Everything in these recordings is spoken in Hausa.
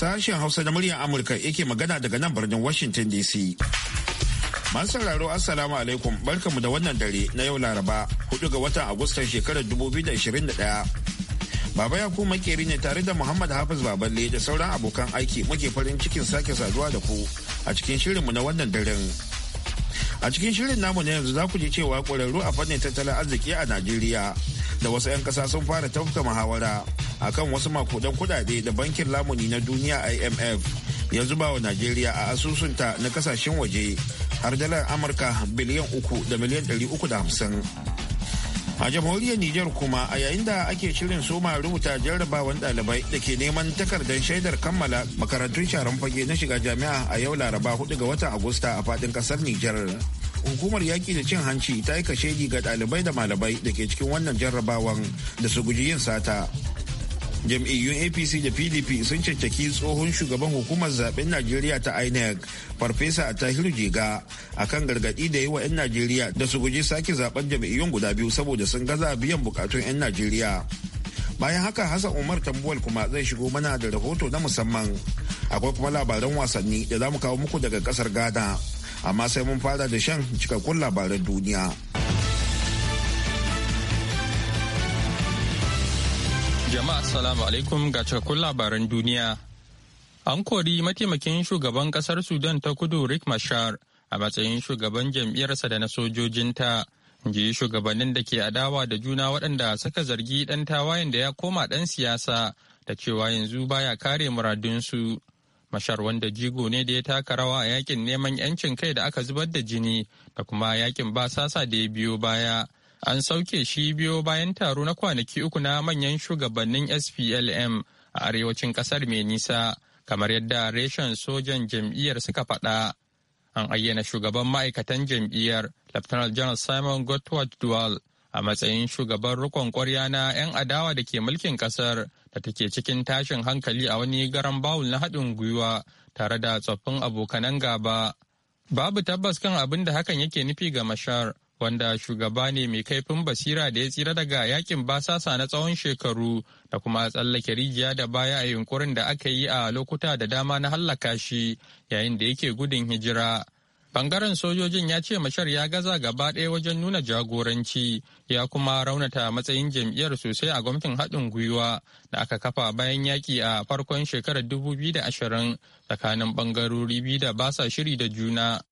Sashen Hausa na muryar Amurka yake magana daga nan birnin Washington DC. Masu sauraro Assalamu alaikum barkamu da wannan dare na yau Laraba 4 ga watan Agustan shekarar 2021. Baba ya kuma makeri ne tare da Muhammad Hafiz Baballe da sauran abokan aiki muke farin cikin sake saduwa da ku a cikin shirinmu na wannan daren. A cikin shirin namu na yanzu za ku je cewa ƙwararru a fannin tattalin arziki a Najeriya da wasu 'yan kasa sun fara tafka muhawara a kan wasu makudan kudade da bankin lamuni na duniya imf ya zuba wa najeriya a asusunta na kasashen waje har dalar amurka biliyan uku da miliyan ɗari uku da hamsin a jamhuriyar niger kuma a yayin da ake shirin soma rubuta jarrabawan ɗalibai da ke neman takardar shaidar kammala makarantun sharan fage na shiga jami'a a yau laraba 4 ga watan agusta a faɗin ƙasar niger hukumar yaƙi da cin hanci ta yi kashedi ga ɗalibai da malamai da ke cikin wannan jarrabawan da su guji yin sata jam'iyyun apc da pdp sun cancaki tsohon shugaban hukumar zaben najeriya ta inec farfesa a tahiru jega kan gargaɗi da yi wa 'yan najeriya da su guji sake zaben jam'iyyun guda biyu saboda sun gaza biyan bukatun 'yan najeriya bayan haka hassan umar tambuwal kuma zai shigo mana da rahoto na musamman akwai kuma labaran wasanni da za mu kawo muku daga ƙasar ghana amma sai mun fara da shan cikakkun labaran duniya. Jama'a salamu alaikum ga cikakkun labaran duniya. An kori mataimakin shugaban kasar Sudan ta kudu Rick Mashar a matsayin shugaban jam'iyyarsa da na sojojinta. ji shugabannin da ke adawa da juna waɗanda suka zargi ɗan tawayen da ya koma ɗan siyasa da cewa yanzu baya kare muradunsu. Mashar wanda jigo ne da ya taka rawa a yakin neman 'yancin kai da aka zubar da jini da kuma yakin basasa da ya biyo baya. An sauke shi biyo bayan taro na kwanaki uku na manyan shugabannin SPLM a arewacin kasar mai nisa, kamar yadda reshen sojan jam'iyyar suka faɗa. An ayyana shugaban ma'aikatan jam'iyyar, Lieutenant General Simon Gottwald Dual, a matsayin shugaban rikon kwarya na 'yan adawa da ke mulkin kasar da take cikin tashin hankali a wani garan bawul na haɗin gwiwa tare da tsoffin abokanan gaba. Babu tabbas kan abin da hakan yake nufi ga Mashar, wanda shugaba ne mai kaifin basira da ya tsira daga yakin basasa na tsawon shekaru da kuma tsallake rijiya da baya a yunkurin da aka yi a lokuta da dama na hallaka shi yayin da yake gudun hijira. Bangaren sojojin ya ce Mashar ya gaza gaba ɗaya wajen nuna jagoranci ya kuma raunata matsayin jam'iyyar sosai a gwamnatin haɗin gwiwa da aka kafa bayan yaƙi a farkon shekarar da ashirin tsakanin bangarori biyu da ba sa shiri da juna.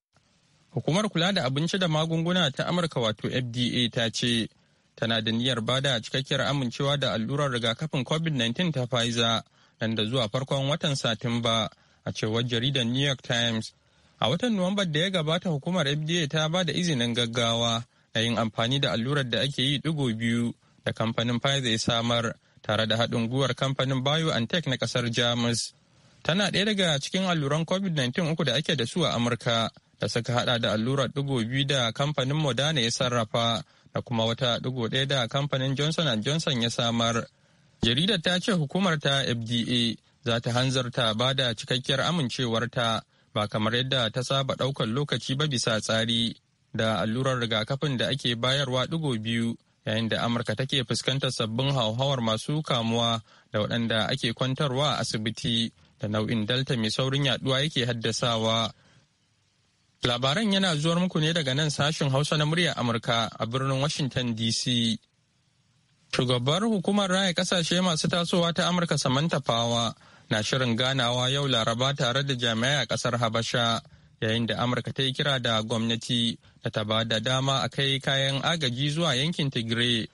Hukumar kula da abinci da magunguna ta Amurka wato FDA ta ce tana da niyyar da cikakkiyar amincewa da allurar rigakafin COVID-19 ta Pfizer nan da zuwa farkon watan Satumba a cewar jaridar New York Times A watan Nuwambar da ya gabata hukumar FDA ta ba da izinin gaggawa na yin amfani da allurar da ake yi digo biyu da kamfanin Pfizer ya samar tare da haɗin guwar kamfanin BioNTech na ƙasar Jamus. Tana ɗaya daga cikin alluran COVID-19 uku da ake da su a Amurka da suka haɗa da allurar digo biyu da kamfanin Moderna ya sarrafa da kuma wata digo ɗaya da kamfanin Johnson Johnson ya samar. Jaridar ta ce hukumar ta FDA za ta hanzarta ba da cikakkiyar amincewarta ba kamar yadda ta saba ɗaukar lokaci ba bisa tsari da allurar rigakafin da ake bayarwa ɗigo biyu yayin da amurka take fuskantar sabbin hauhawar masu kamuwa da waɗanda ake kwantarwa a asibiti da nau'in delta mai saurin yaduwa yake haddasawa labaran yana zuwar muku ne daga nan sashen hausa na muryar amurka a birnin washington dc shugabar hukumar raya kasashe masu tasowa ta amurka samantha power na shirin ganawa yau laraba tare da jami'ai a kasar habasha yayin da amurka ta yi kira da gwamnati da ta ba da dama a kai kayan agaji zuwa yankin tigray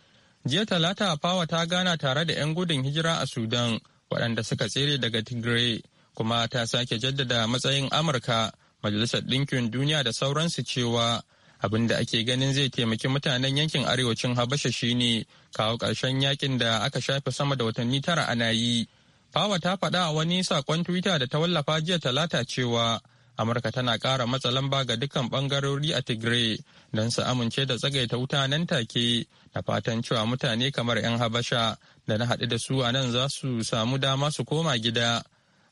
jiya talata fawa ta gana tare da 'yan gudun hijira a sudan waɗanda suka tsere daga tigray kuma ta sake jaddada matsayin amurka majalisar ɗinkin duniya da sauransu cewa abin da ake ganin zai taimaki mutanen yankin arewacin habasha shine kawo ƙarshen yakin da aka shafe sama da watanni tara ana yi Fawa ta faɗa a wani saƙon Twitter da ta wallafa jiya talata cewa Amurka tana ƙara matsa lamba ga dukkan ɓangarori a Tigray don su amince da tsagaita wuta nan take na fatan cewa mutane kamar 'yan Habasha da na haɗu da su a nan za su samu dama su koma gida.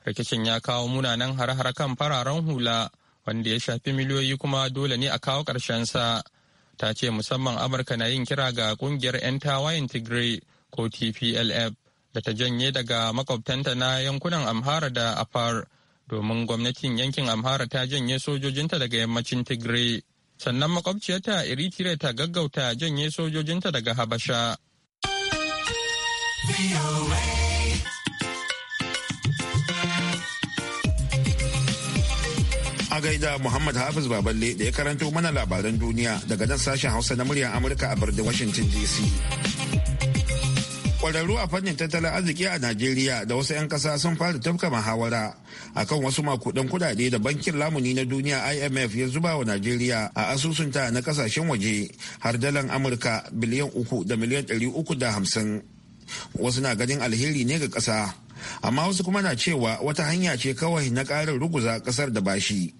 Rikicin ya kawo munanan har-har kan fararen hula wanda ya shafi miliyoyi kuma dole ne a kawo sa Ta ce musamman Amurka na yin kira ga ƙungiyar 'yan tawayen Tigray ko TPLF da ta janye daga makwabtanta na yankunan Amhara da Afar domin gwamnatin yankin Amhara ta janye sojojinta daga yammacin Tigray. Sannan makwabciyarta Eritrea ta gaggauta janye sojojinta daga Habasha. A gaida Muhammad Hafiz Baballe da ya karanto mana labaran duniya daga nan sashen Hausa na muryar Amurka a birnin Washington DC. kwararru a fannin tattalin arziki a najeriya da wasu 'yan kasa sun fara tafka muhawara akan wasu makudan kudade da bankin lamuni na duniya imf ya zuba wa najeriya a asusunta na kasashen waje har dalan amurka biliyan uku da miliyan ɗari uku da hamsin wasu na ganin alheri ne ga ƙasa amma wasu kuma na cewa wata hanya ce kawai na ƙarin ruguza ƙasar da bashi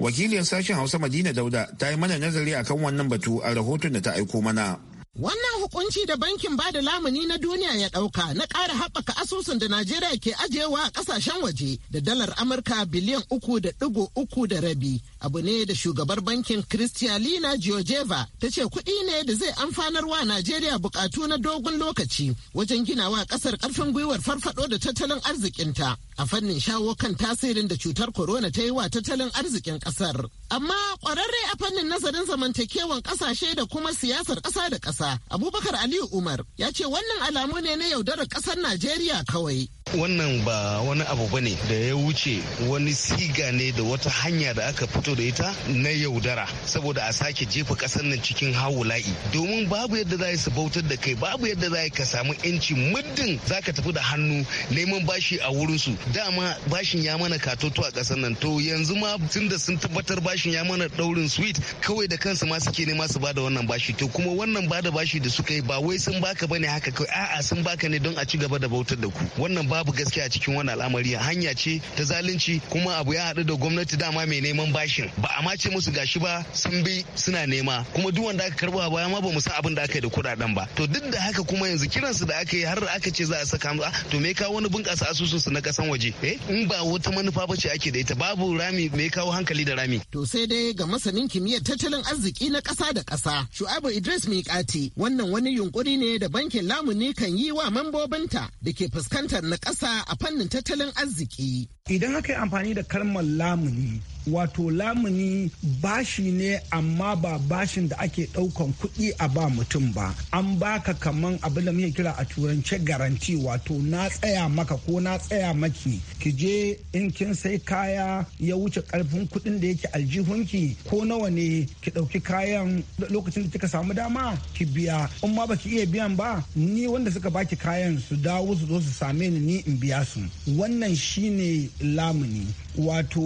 wakiliyar sashen hausa madina dauda ta yi mana nazari akan wannan batu a rahoton da ta aiko mana Wannan hukunci da bankin bada lamuni na duniya ya ɗauka na ƙara haɓaka asusun da Najeriya ke ajiyewa a ƙasashen waje da dalar Amurka biliyan uku da ɗigo uku da rabi. Abu ne da shugabar bankin Kristiyalina Georgieva ta ce kuɗi ne da zai amfanar wa Najeriya buƙatu na dogon lokaci wajen gina wa ƙasar ƙarfin gwiwar farfaɗo da tattalin arzikinta a fannin shawo kan tasirin da cutar corona ta yi wa tattalin arzikin ƙasar. Amma ƙwararre a fannin nazarin zamantakewan ƙasashe da kuma siyasar ƙasa da ƙasa ƙasa abubakar aliyu umar ya ce wannan alamu ne na yaudarar ƙasar najeriya kawai wannan ba wani abu ba ne da ya wuce wani siga ne da wata hanya da aka fito da ita na yaudara saboda a sake jefa ƙasar nan cikin hawula'i domin babu yadda za su bautar da kai babu yadda za ka samu yanci muddin za ka tafi da hannu neman bashi a wurinsu dama bashin ya mana katoto a ƙasar nan to yanzu ma tun da sun tabbatar bashin ya mana ɗaurin sweet kawai da kansu ma suke nema su bada wannan bashi to kuma wannan bada bashi da suka yi ba wai sun baka bane haka kawai a'a sun baka ne don a ci gaba da bautar da ku wannan babu gaskiya cikin wannan al'amari hanya ce ta zalunci kuma abu ya haɗu da gwamnati dama mai neman bashin ba a mace musu gashi ba sun bi suna nema kuma duk wanda aka karba baya ma ba mu san abin da aka yi da kuɗaɗen ba to duk da haka kuma yanzu kiransu da aka yi har aka ce za a saka mu ah, to me kawo wani bunƙasa asusun su na kasan waje eh in ba wata manufa ba ce ake da ita babu rami me kawo hankali da rami to sai dai ga masanin kimiyyar tattalin arziki na ƙasa da ƙasa shu'abu idris miƙati wannan wani yunkuri ne da bankin lamuni kan yi wa mambobinta da ke fuskantar na ƙasa a fannin tattalin arziki. Idan aka yi amfani da kalmar lamuni wato lamuni bashi ne amma ba bashin da ake ɗaukan kuɗi a ba mutum ba an baka kaman abin da muke kira a turance garanti wato na tsaya maka ko na tsaya maki ki je in kin sai kaya ya wuce karfin kuɗin da yake aljihunki ko nawa ne ki ɗauki kayan lokacin da kika samu dama ki biya in ma baki iya biyan ba ni wanda suka baki kayan su dawo su zo su same ni in biya su wannan shine lamuni wato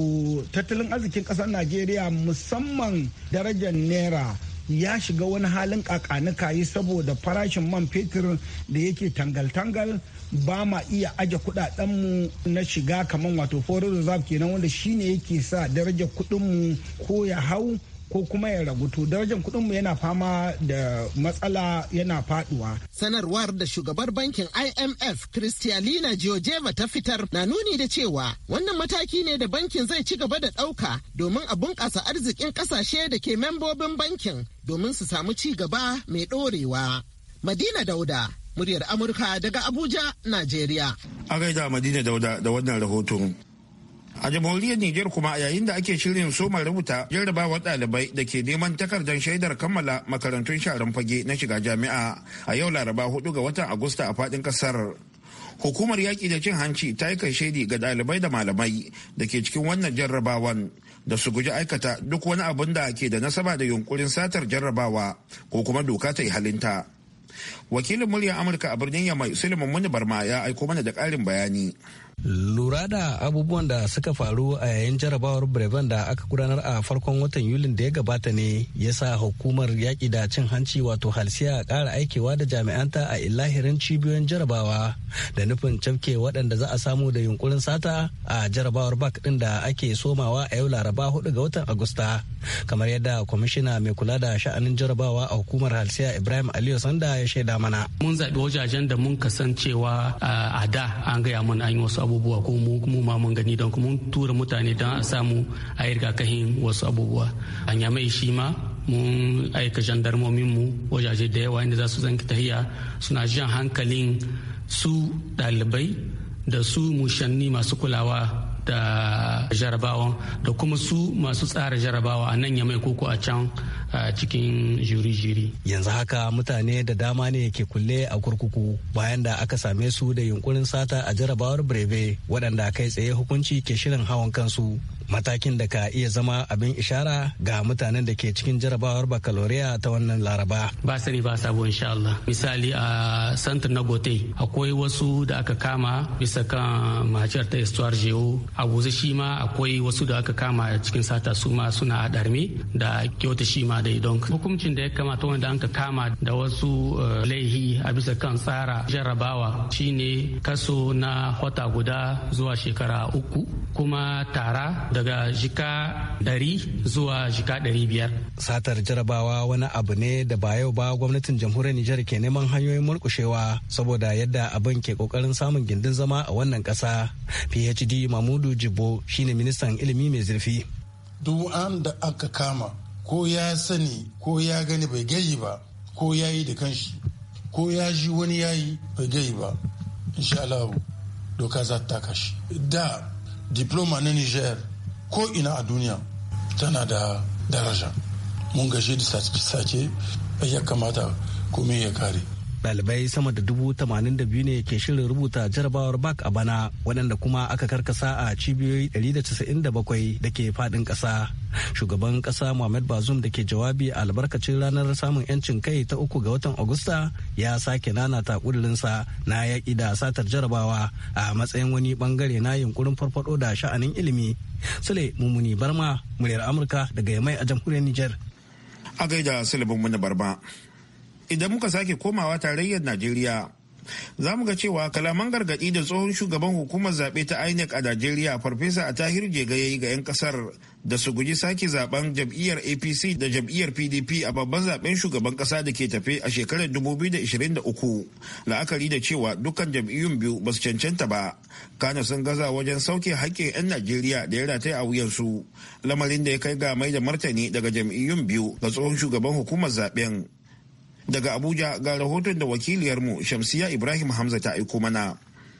tattalin tattalin arzikin kasar najeriya musamman darajar naira ya shiga wani halin kakanuka yi saboda farashin man fetur da yake tangal-tangal ba ma iya aje kudadenmu na shiga kamar wato foreign reserve kenan wanda shine yake sa darajar kudinmu ko ya hau ko kuma ya ragu to darajar kuɗin mu yana fama da matsala yana faduwa. Sanarwar da shugabar bankin IMF Kristalina Georgieva ta fitar na nuni da cewa wannan mataki ne da bankin zai ci gaba da ɗauka domin a bunkasa arzikin ƙasashe da ke membobin bankin domin su samu ci gaba mai ɗorewa. Madina Dauda, muryar Amurka daga Abuja, Najeriya. A gaida Madina Dauda da wannan rahoton. a jamhuriyar niger kuma yayin da ake shirin soma rubuta jarrabawar ɗalibai da ke neman takardar shaidar kammala makarantun sharan fage na shiga jami'a a yau laraba 4 ga watan agusta a faɗin ƙasar hukumar yaƙi da cin hanci ta yi shaidi ga ɗalibai da malamai da ke cikin wannan jarrabawan da su guji aikata duk wani abin da ke da nasaba da yunkurin satar jarrabawa ko kuma doka ta yi halinta wakilin muryar amurka a birnin yamai suleiman muni barma ya aiko mana da ƙarin bayani Lura da abubuwan da suka faru a yayin jarabawar Breven da aka gudanar a farkon watan Yulin da ya gabata ne ya sa hukumar yaƙi da cin hanci wato halsiya ƙara aikewa da jami'anta a ilahirin cibiyoyin jarabawa da nufin cafke waɗanda za a samu da yunkurin sata a jarabawar bak ɗin da ake somawa a yau laraba 4 ga watan Agusta. Kamar yadda kwamishina mai kula da sha'anin jarabawa a hukumar halsiya Ibrahim Aliyu Sanda ya shaida mana. Mun zaɓi wajajen da mun kasancewa a da an gaya mun an yi wasu abubuwa ko mu ma mun gani don mun tura mutane don a samu a yi rigakafin wasu abubuwa a nyamai shi ma mun aika jandarmomin mu wajaje da yawa inda za su zanki tahiya suna jan hankalin su dalibai da su mushanni masu kulawa da jarabawa da kuma su masu tsara jarabawa a nan yamai koko a can cikin jiri-jiri. Yanzu haka mutane da dama ne ke kulle a kurkuku bayan da aka same su da yunkurin sata a jarabawar breve waɗanda kai tsaye hukunci ke shirin hawan kansu matakin da ka iya zama abin ishara ga mutanen da ke cikin jarabawar bakaloriya ta wannan laraba ba sani ba sabo insha Allah misali a santar na gote akwai wasu da aka kama bisa kan mahajar ta istuwar jeo a guza shi ma akwai wasu da aka kama cikin sata su ma suna a darme da kyauta shi ma da idon hukuncin da ya kamata wanda an ka kama da wasu eh, laihi a bisa kan tsara jarabawa shine kaso na wata guda zuwa shekara uku kuma tara daga jika 100 zuwa jika 500. Satar jarabawa wani abu ne da ba yau ba gwamnatin jamhuriyar Nijar ke neman hanyoyin murkushewa saboda yadda abin ke kokarin samun gindin zama a wannan kasa PhD Mamudu Jibo shine ministan ilimi mai zurfi. Duk an da aka kama ko ya sani ko ya gani bai gayi ba ko ya yi da kanshi ko ya ji wani ya yi bai gayi ba. Insha Allah doka za ta kashi. Da diploma na Nijar ko ina a duniya tana da daraja mun gaje da sace ya kamata kome ya kare Dalibai sama da dubu tamanin da biyu ne ke shirin rubuta jarabawar bak a bana waɗanda kuma aka karkasa a cibiyoyi ɗari da casa'in da da bakwai ke faɗin ƙasa. Shugaban ƙasa Muhammad Bazoum da ke jawabi a albarkacin ranar samun 'yancin kai ta uku ga watan Agusta ya sake nana nanata sa na yaƙi da satar jarabawa a matsayin wani ɓangare na yunkurin farfaɗo da sha'anin ilimi. Sule Mumuni Barma, muryar Amurka daga Yamai a jamhuriyar Nijar. A gaida Sule Mumuni Barma. idan muka sake komawa tarayyar najeriya za mu ga cewa kalaman gargaɗi da tsohon shugaban hukumar zaɓe ta inec a najeriya farfesa a tahir jega ya ga 'yan ƙasar da su guji sake zaben jam'iyyar apc da jam'iyyar pdp a babban zaben shugaban ƙasa da ke tafe a shekarar 2023 la'akari da cewa dukkan jam'iyyun biyu ba su cancanta ba kana sun gaza wajen sauke haƙƙi 'yan najeriya da ya rataya a wuyansu lamarin da ya kai ga mai da martani daga jam'iyyun biyu ga tsohon shugaban hukumar zaɓen Daga Abuja ga rahoton da wakiliyarmu Shamsiya Ibrahim Hamza ta aiko mana.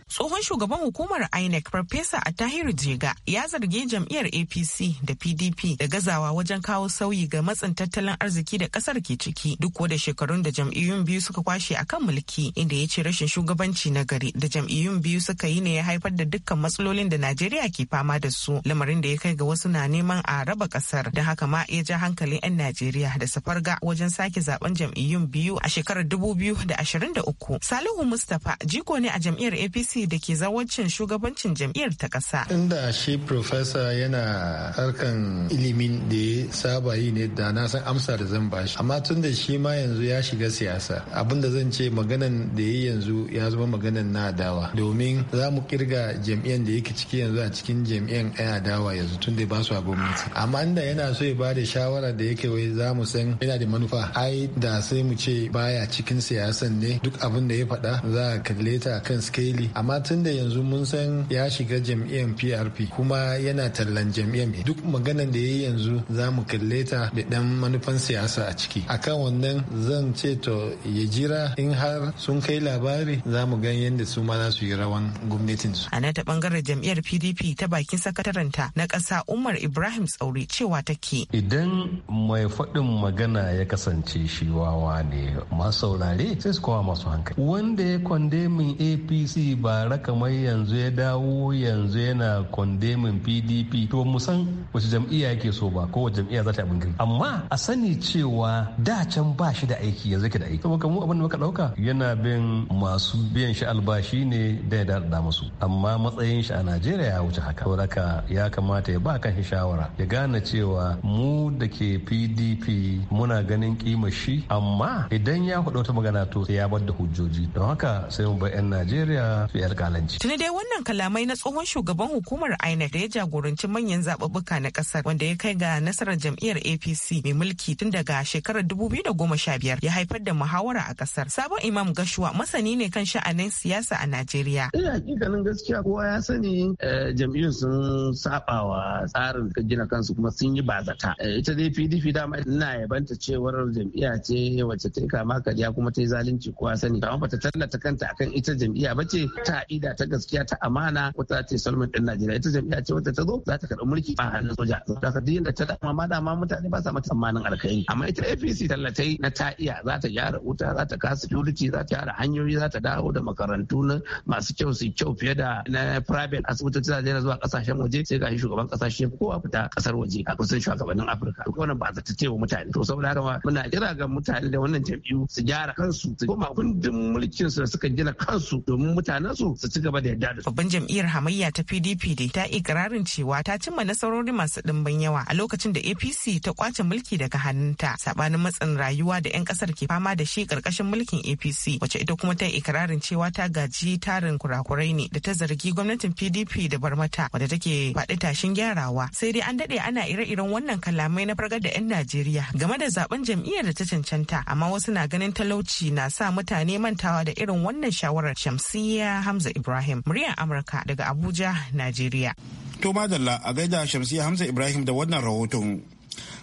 Tsohon shugaban hukumar INEC Farfesa tahiru Jega ya zargi jam'iyyar APC da PDP da gazawa wajen kawo sauyi ga matsin tattalin arziki da kasar ke ciki duk da shekarun da jam'iyyun biyu suka kwashe akan mulki inda ya ce rashin shugabanci na gari da jam'iyyun biyu suka yi ne ya haifar da dukkan matsalolin da Najeriya ke fama da su lamarin da ya kai ga wasu na neman a raba kasar da haka ma ya ja hankalin 'yan Najeriya da safarga wajen sake zaben jam'iyyun biyu a shekarar 2023. Salihu Mustapha jiko ne a jam'iyyar APC APC da ke zawancin shugabancin jam'iyyar ta ƙasa. Inda shi profesa yana harkan ilimin da ya saba yi ne da na san amsa da zan bashi. Amma tun da shi ma yanzu ya shiga siyasa abin da zan ce maganan da ya yanzu ya zama maganan na adawa. Domin za mu kirga jam'iyyar da yake ciki yanzu a cikin jam'iyyar ɗaya adawa yanzu tun da ba su a gwamnati. Amma inda yana so ya ba da shawara da yake wai za mu san yana da manufa. Ai da sai mu ce baya cikin siyasan ne duk abin da ya faɗa za a kalle ta kan skeli. amma tun da yanzu mun san ya shiga jam'iyyar PRP kuma yana tallan jam'iyyar duk maganan da ya yi yanzu za mu kalle ta da dan manufan siyasa a ciki akan wannan zan ce to ya jira in har sun kai labari za mu gan yadda su ma za su yi rawan gwamnatin su a nan ta bangaren jam'iyyar PDP ta bakin sakataranta na ƙasa Umar Ibrahim Tsauri cewa take idan mai faɗin magana ya kasance shi wawa ne masu saurare sai su kowa masu hankali wanda ya kwande min APC ba bara kamar yanzu ya dawo yanzu yana kondemin pdp to musan wace jam'iyya yake so ba ko jam'iya jam'iyya za ta abin amma a sani cewa da can ba shi da aiki yanzu yake da aiki saboda mu abin da muka dauka yana bin masu biyan shi albashi ne da ya da musu amma matsayin shi a najeriya ya wuce haka saboda ya kamata ya ba kan shi shawara ya gane cewa mu da ke pdp muna ganin kima shi amma idan ya hudu wata magana to sai ya bar da hujjoji don haka sai mu bar 'yan najeriya su alkalanci. Tuni dai wannan kalamai na tsohon shugaban hukumar INEC da ya jagoranci manyan zaɓuɓɓuka na ƙasar wanda ya kai ga nasarar jam'iyyar APC mai mulki tun daga shekarar 2015 ya haifar da muhawara a ƙasar. Sabon Imam Gashuwa masani ne kan sha'anin siyasa a Najeriya. Ina eh, hakikanin gaskiya kowa ya sani eh, jam'iyyun sun sabawa tsarin gina kansu kuma sun yi bazata. Eh, ita dai PDP dama ina yabanta cewar jam'iyya ce wacce ta yi kama karya kuma ta yi zalunci kowa sani. ba ta tallata kanta akan ita jam'iyya ba ce ta ka'ida ta gaskiya ta amana wata ce Salman din Najeriya ita jam'iyya ce wata ta zo za ta karɓi mulki a hannun soja da ka yadda ta dama ma dama mutane ba sa mata tsammanin alkai amma ita APC tallatai na ta iya za ta gyara wuta za ta kasa security za ta gyara hanyoyi za ta dawo da makarantu na masu kyau su kyau fiye da na private asibitoci za ta zuwa kasashen waje sai ga shugaban kasashe kowa fita kasar waje a kusan shugabannin Afirka to wannan ba ta ce wa mutane to saboda haka muna kira ga mutane da wannan jam'iyyu su gyara kansu su koma kundin mulkin su da suka gina kansu domin mutanen su su su ci gaba da yadda da su. Babban jam'iyyar hamayya ta PDP ta ikirarin cewa ta cimma nasarori masu ɗimbin yawa a lokacin da APC ta kwace mulki daga hannunta sabanin matsin rayuwa da 'yan kasar ke fama da shi karkashin mulkin APC wacce ita kuma ta ikirarin cewa ta gaji tarin kurakurai ne da ta zargi gwamnatin PDP da barmata wadda take faɗi tashin gyarawa sai dai an daɗe ana ire-iren wannan kalamai na fargar da 'yan Najeriya game da zaben jam'iyyar da ta cancanta amma wasu na ganin talauci na sa mutane mantawa da irin wannan shawarar shamsiyya Hamza Ibrahim, muryar Amurka daga Abuja, Najeriya. To madalla a gaida Shamsiya Hamza Ibrahim da wannan rahoton.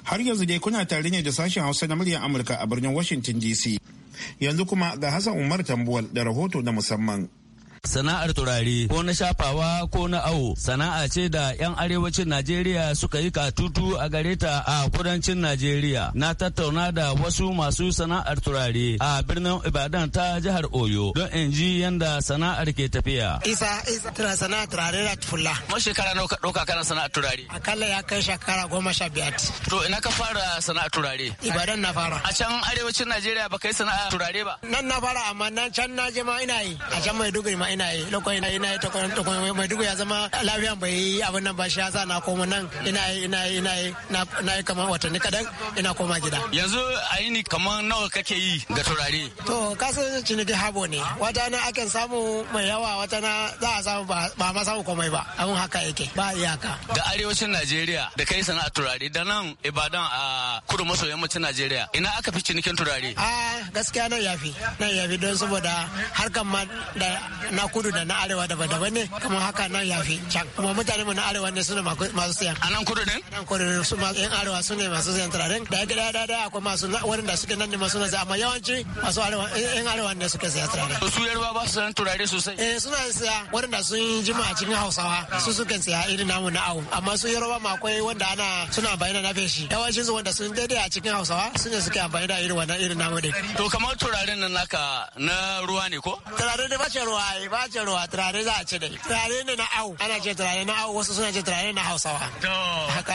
Har yanzu dai kuna tare ne da sashen Hausa na muryar Amurka a birnin Washington DC. Yanzu kuma ga Hassan Umar Tambuwal da rahoto na musamman. Sana'ar turare ko na shafawa ko na awo sana'a ce da 'yan arewacin Najeriya suka yi katutu a gare ta a kudancin Najeriya. Na tattauna da wasu masu sana'ar turare a birnin Ibadan ta jihar Oyo don in ji yanda sana'ar ke tafiya. Isa Isa tana sana'ar turare da tufula Mun shekara nawa ka ɗauka kana sana'ar turare? Akalla ya kai shekara goma sha biyar. To ina ka fara sana'ar turare? Ibadan na fara. A can arewacin Najeriya ba kai sana'ar turare ba? Nan na fara amma nan can na je ma ina yi. A can Maiduguri ma ina yi lokacin ina ina ta kwan mai duk ya zama lafiyan bai yi abin nan ba shi sa na koma nan ina yi ina yi ina yi na yi kamar watanni kadan ina koma gida yanzu a yi ni kamar nawa kake yi ga turare to kasan ciniki habo ne wata na akan samu mai yawa wata na za a samu ba ma samu komai ba abin haka yake ba iyaka ga arewacin najeriya da kai sana'a turare da nan ibadan a kudu maso yammacin najeriya ina aka fi cinikin turare a ah, gaskiya nan yafi nan yafi don saboda harkan ma da na na kudu da na arewa daban-daban ne kuma haka nan fi can kuma mutane mu na arewa ne suna masu siyan. a nan kudu ne a nan kudu su masu yan arewa su ne masu siyan turaren da gida da da akwai masu wurin da suke nan ne masu nazi amma yawanci masu arewa yan arewa ne suke saya turaren su yarba ba su san turare sosai eh suna siya wurin da sun jima a cikin hausawa su sukan siya irin namu na awu amma su yarba ma akwai wanda ana suna bayyana na feshi yawancin su wanda sun daidai a cikin hausawa su ne suke amfani da irin wannan irin namu din to kamar turaren nan naka na ruwa ne ko turare ne ba ce ruwa ba ce ruwa turare za a ci dai turare ne na au ana ce turare na au wasu suna ce turare na hausawa to haka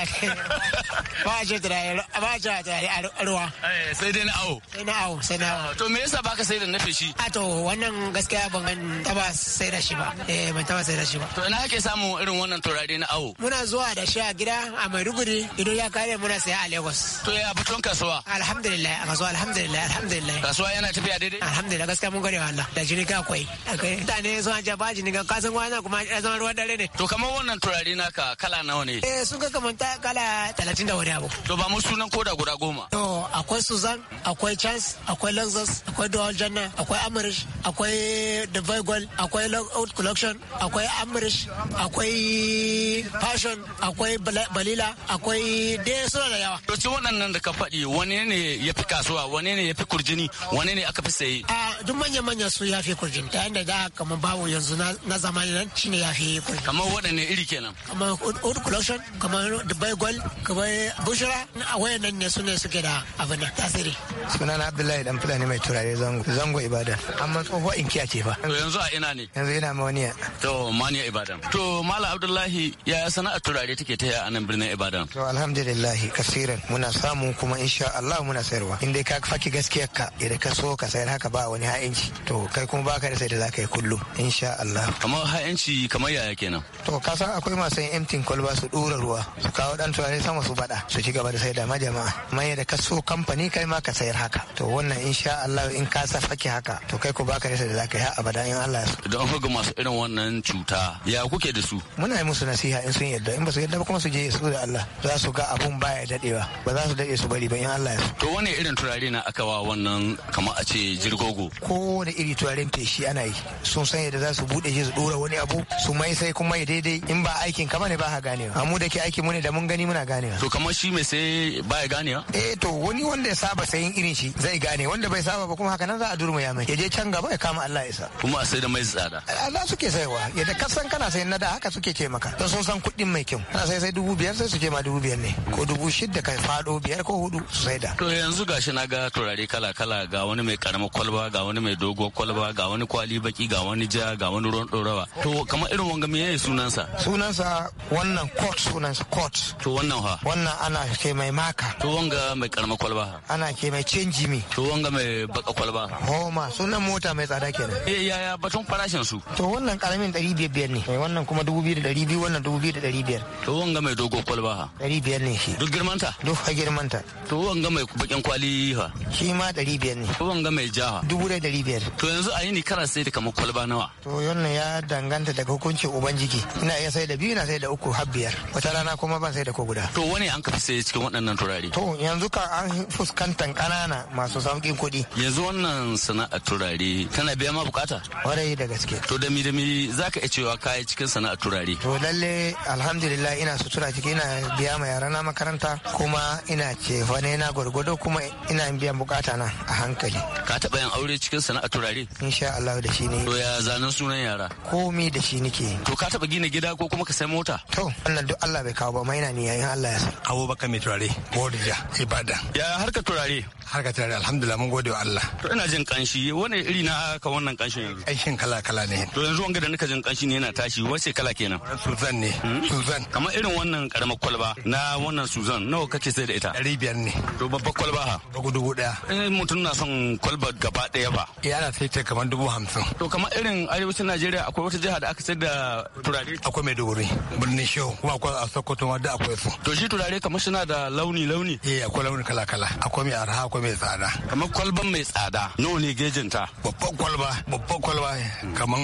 ba a ce turare ba a ce turare a ruwa eh, sai dai na au sai na au sai na to me yasa baka sai da na feshi a to wannan gaskiya ban taba sai da shi ba eh ban taba sai da shi ba to ina kake samun irin wannan turare na au muna zuwa da shi a gida a Maiduguri idan ya kare muna sai a Lagos to ya buton kasuwa alhamdulillah a kasuwa alhamdulillah alhamdulillah kasuwa yana tafiya daidai alhamdulillah gaskiya mun gode wa Allah da jini ka akwai akwai mutane sun ja baji ne ka san wani kuma ya zama ruwan dare ne to kamar wannan turare naka kala nawa ne eh sun ka kamanta kala talatin da wani abu to ba mu sunan koda guda goma to akwai Suzan, akwai Chance akwai Lexus akwai Dawal Janna akwai Amrish akwai the Vigol, akwai Out Collection akwai Amrish akwai Passion akwai Balila akwai dai suna da yawa to ci nan da ka faɗi wani ne ya fi kasuwa wani ne ya fi kurjini wani ne aka fi saye a ah, duk manya-manya su ya fi kurjini ta yadda za ka kamar bawo yanzu na zamani nan ne ya fi kwai kamar waɗanne iri kenan kamar old collection kamar dubai gold kamar bushra a wayan nan ne su ne suke da abin da tasiri sunana abdullahi dan fulani mai turare zango zango ibadan amma in kiya ce fa yanzu a ina ne yanzu ina maniya to maniya ibadan to malam abdullahi yaya sana'ar turare take ta a nan birnin ibadan to alhamdulillah kasiran muna samu kuma insha Allah muna sayarwa in ka faki gaskiyar ka idan ka so ka sayar haka ba wani ha'inci to kai kuma baka da sai da zaka yi kullum insha Allah kamar ha'inci kamar yaya kenan to ka san akwai masu yin emptin kwalba su dora ruwa su kawo dan turare sama su bada su ci gaba da sai da ma jama'a mai da ka so kamfani kai ma ka sayar haka to wannan insha Allah in ka sa fake haka to kai ko baka rasa da zaka yi abada in Allah ya don haka masu irin wannan cuta ya kuke da su muna yi musu nasiha in sun yadda in ba su yadda ba kuma su je su da Allah za su ga abun baya dadewa ba za su dade su bari ba in Allah ya to wani irin turare na aka wa wannan kamar a ce jirgogo ko da iri turaren feshi ana yi sun san yadda za su bude shi su dora wani abu su mai sai kuma ya daidai in ba aikin kama ne ba ha ganewa amma da ke aiki mu ne da mun gani muna ganewa to kamar shi mai sai ba ya ganewa eh to wani wanda ya saba sayin irin shi zai gane wanda bai saba ba kuma haka nan za a durma ya mai ya je can gaba ya kama Allah ya sa kuma a sai da mai tsada Allah suke saiwa yadda kasan kana sayin na da haka suke ce maka don sun san kuɗin mai kyau kana sai sai dubu biyar sai su ce ma dubu biyar ne ko dubu shidda kai fado biyar ko hudu su sai da to yanzu gashi na ga turare kala kala ga wani mai karamar kwalba ga wani mai dogo kwalba ga wani kwali baki ga wani wani ja ga wani ruwan ɗorawa to kamar irin wanga me yayi sunansa sunansa wannan court sunansa court to wannan ha wannan ana ke mai maka to wanga mai karama kwalba ana ke mai change me to wanga mai baka kwalba homa sunan mota mai tsada kenan eh yaya batun farashin su to wannan karamin 500 ne eh, wannan kuma 2200 wannan 2500 to wanga mai dogo kwalba ha 500 ne shi duk girmanta duk ha girmanta to wanga mai bakin kwali ha shi ma 500 ne to wanga mai ja ha 1500 to yanzu a yi ni kara sai da kamar kwalba nawa to wannan ya danganta daga hukuncin ubangiji ina iya sai da biyu na sai da uku har biyar wata rana kuma ban sai da ko guda to wani an ka fi sai cikin waɗannan turare to yanzu ka an fuskantar ƙanana masu sauƙin kuɗi yanzu wannan sana'ar turare tana biya ma bukata Warai da gaske to da mi da mi zaka iya cewa kai cikin sana'ar turare to lalle alhamdulillah ina sutura ciki ina biya ma yara na makaranta kuma ina cefa ne na gwargwado kuma ina biyan bukata na a hankali ka taɓa yin aure cikin sana'ar turare insha Allah da shi ne to ya zanen sunan yara komi da shi nake to ka taba gina gida ko kuma ka sai mota to wannan duk Allah bai kawo ba maina ni yayin Allah ya sa baka mai turare Godiya, Ibadan ya harka turare harka turare alhamdulillah mun gode wa Allah to ina jin kanshi wani iri na ka wannan kanshin yanzu aikin kala kala ne to yanzu wanga da nika jin kanshi ne yana tashi wace kala kenan Suzan ne hmm? Suzan kamar irin wannan karamar kwalba na wannan Suzan nawa kake sai da ita dari biyar ne to babbar kwalba ha bagu dubu ɗaya Eh mutum na son kwalba gaba daya ba ya ana sai ta kamar dubu hamsin to kamar irin irin arewacin najeriya akwai wata jiha da aka sayar da turare akwai maiduguri birnin shehu kuma akwai a sokoto ma da akwai su to shi turare kamar suna da launi launi eh akwai launi kala kala akwai mai arha akwai mai tsada kamar kwalban mai tsada nawa ne gejinta babban kwalba babban kwalba kamar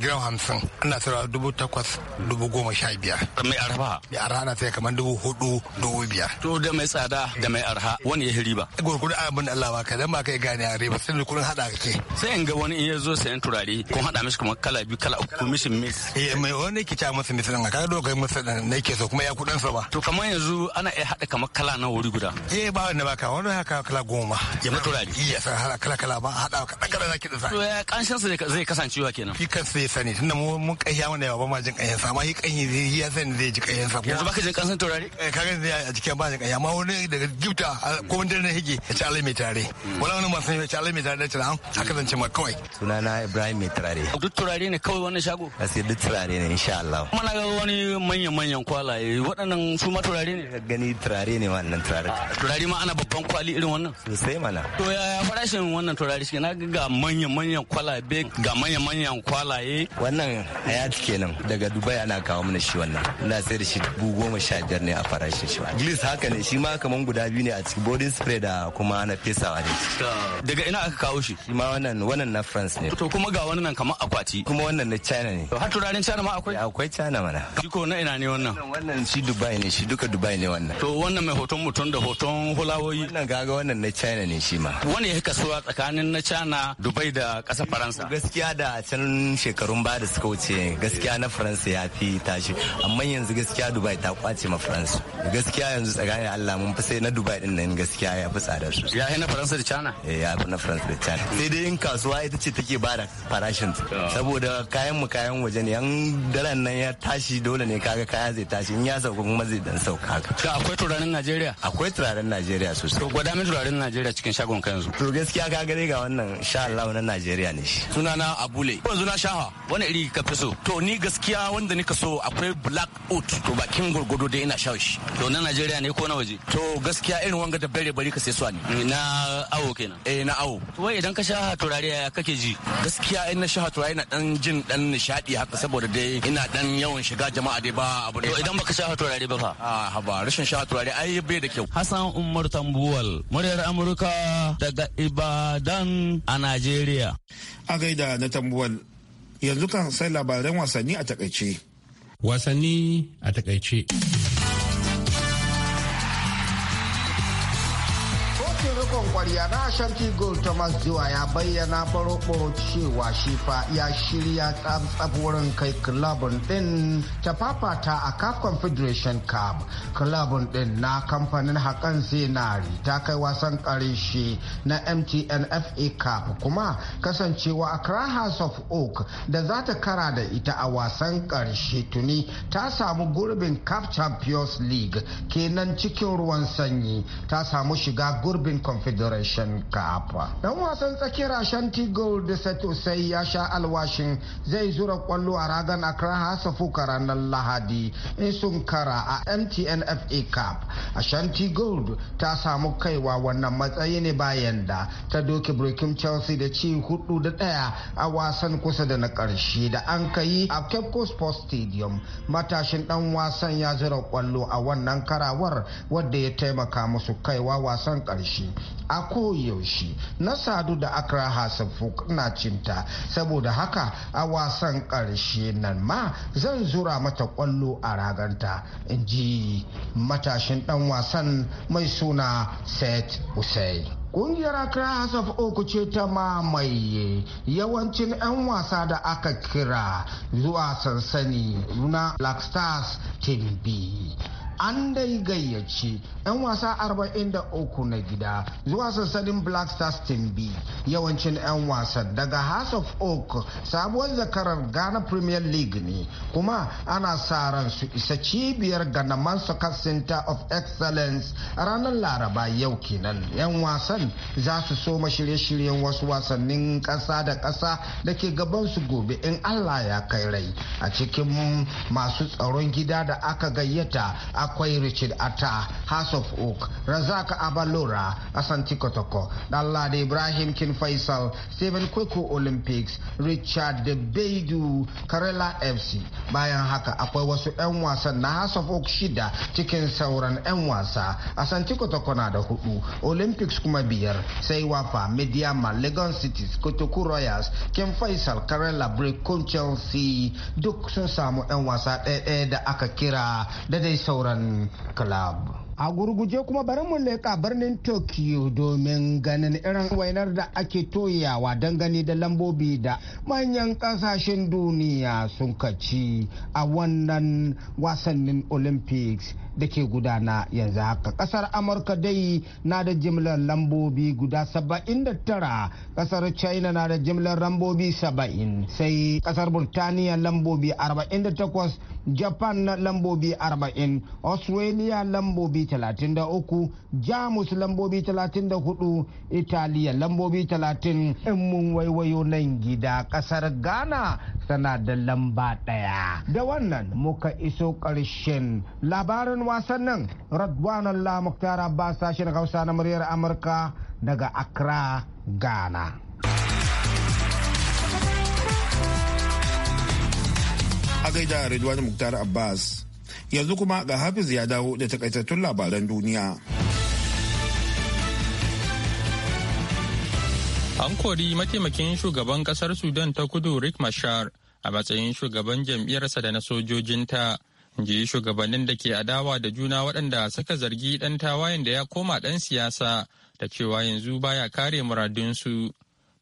gram hamsin ana sayarwa dubu takwas dubu goma sha biyar mai arha mai arha ana sayar kamar dubu hudu dubu biyar to da mai tsada da mai arha wani ya hiri ba gurgurin abin da Allah ba ka dan ba kai gane a riba sai da kurin hada kake sai in ga wani in ya zo sayan turare kun haɗa mishi kuma kala biyu kala uku ko mishi mix eh mai wani ke ta masa mix ɗin ka ga kai masa ne ke so kuma ya kuɗin sa ba to kamar yanzu ana iya haɗa kamar kala na wuri guda eh ba wanda baka wani haka kala goma ya mutu rani iya sa hala kala kala ba haɗa kaɗan kala zaki da to ya kanshin sa zai kasance wa kenan shi kansa ya sani tunda mu mun kaiya mana yawa ba ma jin kaiyan sa amma shi kanyi zai ya sani zai ji kaiyan sa yanzu baka jin kansan taurari eh, kaga zai a jikin ba jin kaiya amma wani daga gifta ko wanda na hige ya ci alai mai tare wala wani masu ya ci alai mai tare da ci da haka zan ce ma kawai sunana Ibrahim mai turare. Duk turare ne kawai wannan shago? Gaskiya duk turare ne insha Allah. na ga wani manyan-manyan kwalaye waɗannan su ma turare ne? Gani turare ne wannan turare. Ah, turare ma ana babban kwali irin wannan? Sosai mana. To yaya farashin wannan turare shi na ga manyan-manyan kwalaye ga manyan-manyan kwalaye. Wannan hayati kenan daga Dubai ana kawo mana shi wannan. Ina sayar da shi dubu goma sha biyar ne a farashin shi. Glis haka ne shi ma kaman guda biyu ne a cikin body spray da kuma na fesawa ne. Ah, daga ina aka kawo shi? Shi ma wannan wannan na France ne. To kuma ga wannan wannan kamar akwati kuma wannan na china ne har turarin china ma akwai akwai china mana shi ko na ina ne wannan wannan shi dubai ne shi duka dubai ne wannan to wannan mai hoton mutum da hoton hulawoyi wannan gaga wannan na china ne shi ma wani ya kasuwa tsakanin na china dubai da kasa faransa gaskiya da can shekarun ba da suka wuce gaskiya na faransa ya fi tashi amma yanzu gaskiya dubai ta kwace ma faransa gaskiya yanzu tsakanin allah mun fi sai na dubai din nan gaskiya ya fi tsada su ya na faransa da china eh, ya fi na faransa da china sai dai in kasuwa ita ce take ba da farashi percent saboda kayan mu kayan waje ne yan daren nan ya tashi dole ne kaga kaya zai tashi in ya sauka kuma zai dan sauka haka to akwai turaren Najeriya akwai turaren Najeriya sosai to gwada min turaren Najeriya cikin shagon kan yanzu to gaskiya ka gare ga wannan sha Allah na Najeriya ne shi sunana Abule yanzu na shaha wani iri ka fi so to ni gaskiya wanda nika so akwai black oat to bakin gurgudu da ina sha shi to na Najeriya ne ko na waje to gaskiya irin wanga da bare bari ka sai suwa ne na awo kenan eh na awo wai idan ka sha turare ya kake ji gaskiya in na shahatu ina dan jin dan nishadi haka saboda dai ina dan yawan shiga jama'a dai ba abu ne idan baka sha turare ba fa a ah, ba rashin sha turare ai bai da kyau Hassan Umar Tambuwal muryar Amurka daga Ibadan a Najeriya a gaida na Tambuwal yanzu kan sai labaran wasanni a takaice wasanni a takaice kwarya na shanti gold thomas jiwa ya bayyana baro-baro cewa shi ya shirya tsab wurin kai kilabun din ta fafata a caf confederation cup kilabun din na kamfanin hakan zinari ta kai wasan karshe na mtn fa cup kuma kasancewa accra house of oak da za ta kara da ita a wasan ƙarshe tuni ta samu gurbin caf champions league kenan cikin ruwan sanyi ta samu shiga gurbin confederation rashen kafa dan wasan tsakiyar ashanti gold seto sai ya sha alwashin zai zura kwallo a ragan accra hasa fuka ranar lahadi in sun kara a MTNFA fa cup ashanti gold ta samu kaiwa wannan matsayi ne bayan da ta doke birkin chelsea da ci hudu da daya a wasan kusa da na karshe da an kayi a cape coast sports stadium matashin ɗan wasan ya zura kwallo a wannan karawar wadda ya taimaka musu kaiwa wasan karshe a a koyaushe na sadu da accra hasafuk na cinta saboda haka a wasan karshe nan ma zan zura mata kwallo a raganta in ji matashin dan wasan mai suna set usai. Ƙungiyar Akra hasaf Oku ce ta mamaye yawancin 'yan wasa da aka kira zuwa sansani na Black Stars Team an dai gayyaci 'yan wasa 43 na gida zuwa sansanin black stars team b yawancin 'yan wasan daga house of oak sabuwar zakarar ghana premier league ne kuma ana sa ran su isa cibiyar ganaman soccer center of excellence ranar laraba yau kenan 'yan wasan za su soma shirye-shiryen wasu wasannin kasa da kasa da ke gabansu gobe in allah ya kai rai a cikin masu tsaron gida da aka gayyata a akwai richard atta house of oak razak abalora asanti kotoko dallade ibrahim kin faisal stephen olympics richard debaidu karela fc bayan haka akwai wasu 'yan wasan na house of oak shida cikin sauran 'yan wasa asanti kotoko na da hudu olympics kuma biyar sai wafa mediama legon cities kotoku royals kin faisal karela brecon chelsea duk sun samu 'yan wasa ɗaya da aka kira da dai sauran fan club a gurguje kuma bari mu leƙa birnin tokyo domin ganin irin wainar da ake toyawa gani da lambobi da manyan ƙasashen duniya sun kaci a wannan wasannin olympics da ke gudana yanzu haka kasar amurka dai na da jimlar lambobi guda 79 kasar china na da jimlar lambobi 70 sai kasar burtaniya lambobi 48 japan na lambobi 40 australia lambobi 33 jamus lambobi 34 italiya lambobi 30 in mun waiwayo nan gida kasar ghana tana da lamba daya da wannan muka iso ƙarshen labarin wasan nan radwan allah muktar abbas sashen hausa na muryar amurka daga accra ghana a gaida Radwan Muktar Abbas. Yanzu kuma ga Hafiz ya dawo da takaitattun labaran duniya. An kori mataimakin shugaban kasar Sudan ta kudu Rick Mashar a matsayin shugaban jam'iyyarsa da na sojojinta ji shugabannin da ke adawa da juna waɗanda suka zargi ɗan tawayen da ya koma ɗan siyasa da cewa yanzu baya kare muradunsu.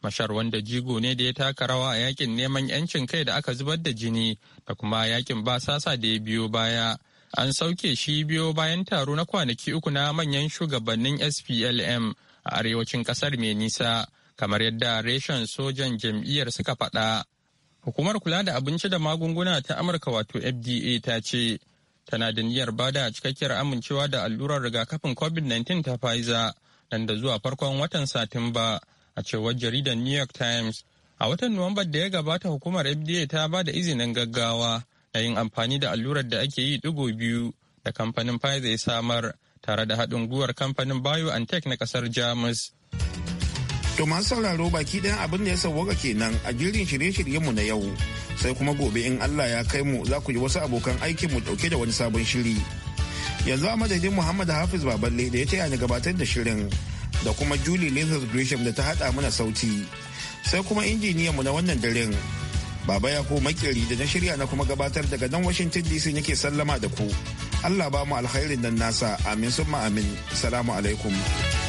Mashar wanda jigo ne da ya taka rawa a yakin neman 'yancin kai da aka zubar da jini da kuma yakin basasa da ya biyo baya. An sauke shi biyo bayan taro na kwanaki uku na manyan shugabannin SPLM a arewacin kasar mai nisa, kamar yadda reshen sojan jam'iyyar suka faɗa. Hukumar kula da abinci da magunguna ta Amurka wato FDA ta ce tana da niyyar bada cikakkiyar amincewa da allurar rigakafin COVID-19 ta Pfizer nan da zuwa farkon watan Satumba a cewar jaridar New York Times. A watan nuwamba da ya gabata hukumar FDA ta ba da izinin gaggawa na yin amfani da allurar da ake yi digo biyu da kamfanin Pfizer ya samar tare da haɗin gwiwar kamfanin BioNTech na ƙasar Jamus. To masu sauraro baki ɗayan abin da ya sauwaka kenan a jirin shirye-shiryenmu na yau. Sai kuma gobe in Allah ya kai mu za ku ji wasu abokan aikin mu ɗauke da wani sabon shiri. Yanzu a madadin Muhammad Hafiz Baballe da ya taya ni gabatar da shirin da kuma Julie Lazarus Gresham da ta haɗa mana sauti. Sai kuma injiniyanmu na wannan daren. Baba ya ko makeri da na shirya na kuma gabatar daga nan Washington DC nake sallama da ku. Allah ba mu alkhairin nan nasa amin summa amin. Salamu alaikum.